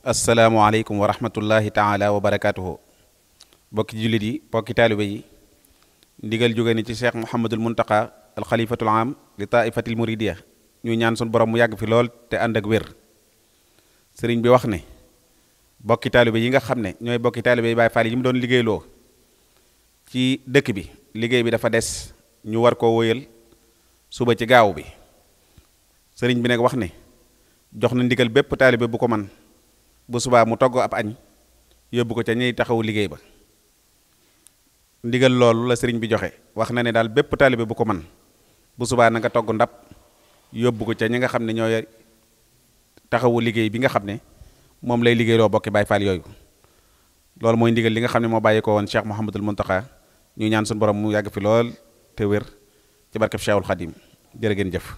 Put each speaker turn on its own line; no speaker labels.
asalaamualeykum wa rahmatullahi taala wa barakaatuhu bokki jullit yi bokki taaliba yi ndigal jóge ni ci cheikh mouhamadul muntaka al xalifatul am li taifatil muridiya ñu ñaan sun boroom mu yàgg fi lool te ànd ak wér sëriñ bi wax ne bokki taaliba yi nga xam ne ñooy bokki taaliba yi Baay Faal yi mu doon liggéeyloo ci dëkk bi liggéey bi dafa des ñu war koo wóyal suba ci gaaw bi sëriñ bi nag wax ne jox na ndigal bépp taalibe bu ko man bu subaa mu togg ab añ yóbbu ko ca ñuy taxawu liggéey ba ndigal loolu la sëriñ bi joxe wax na ne daal bépp taalibe bu ko man bu subaa na nga togg ndab yóbbu ko ca ñi nga xam ne ñooy taxawu liggéey bi nga xam ne moom lay liggéey loo bokki Baay Faal yooyu loolu mooy ndigal li nga xam ne moo bàyyi ko woon Cheikh Mouhamadul Mountakha ñu ñaan suñu borom mu yàgg fi lool te wér ci barkeb Cheikhul jër jërë
ngeen jëf